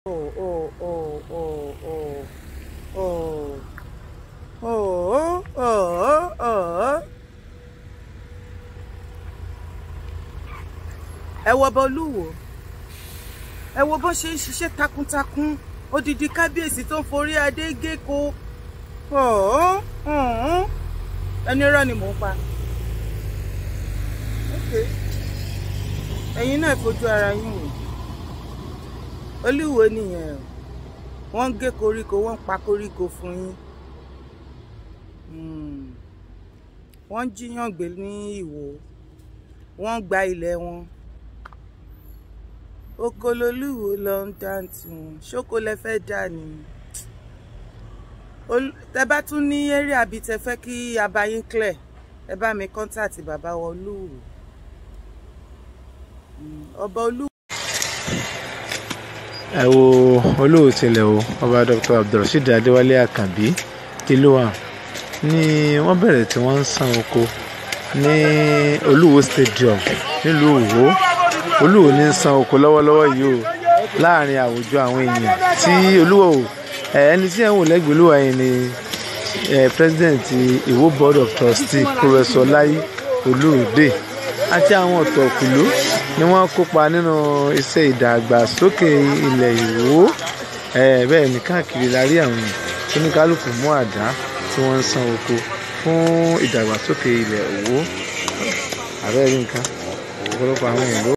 Oh, oh, oh, oh, oh, oh, oh, oh, oh, oh. Ẹ wo ọba olúwo, ẹ wo bọ́n ṣe ń ṣiṣẹ́ takuntakun, odidi kábíyèsí tó ń forí adé géko. Ẹni rán ni mò ń pa. Ẹ̀yin náà fojú ara yín wò olúwo nìyẹn o wọ́n ń gé koríko wọ́n ń pa koríko fún yín hmm. wọ́n ń jíyàn gbé ní ìwò wọ́n ń gba ilẹ̀ wọn okololúwo lọ ń dáǹtì wọn ṣókò lẹ fẹ́ dà ní tẹ bá tún ní eré àbí tẹ fẹ́ kí abayín clear ẹ bá mi kọ́ńtàtì bàbá wa olúwo hmm, ọba olúwo ẹ wo olóòtú ilẹ̀ o ọba dr abdulrasheed adéwálé àkànbí ìlúwà ni wọ́n bẹ̀rẹ̀ tí wọ́n ń san oko ní olúwo stadium nílùú òwò olúwo ní ń san oko lọ́wọ́lọ́wọ́ yìí o láàrin àwùjọ àwọn èèyàn tí olúwo ẹni tí ẹ̀ ń wò lẹ́gbẹ̀ẹ́ olúwa yìí ni president ìwó board of trustees professor láyé olóòdè àti àwọn ọ̀tọ̀kùlú ni wọ́n kópa nínú iṣẹ́ ìdàgbàsókè ilẹ̀ Ìwó bẹ́ẹ̀ ni káàkiri la rí àwọn oníkálukú mú àdá tí wọ́n ń san oko fún ìdàgbàsókè ilẹ̀ Ìwó àbẹ́rẹ́ nǹkan ọ̀pọ̀lọpọ̀ àwọn ìlú.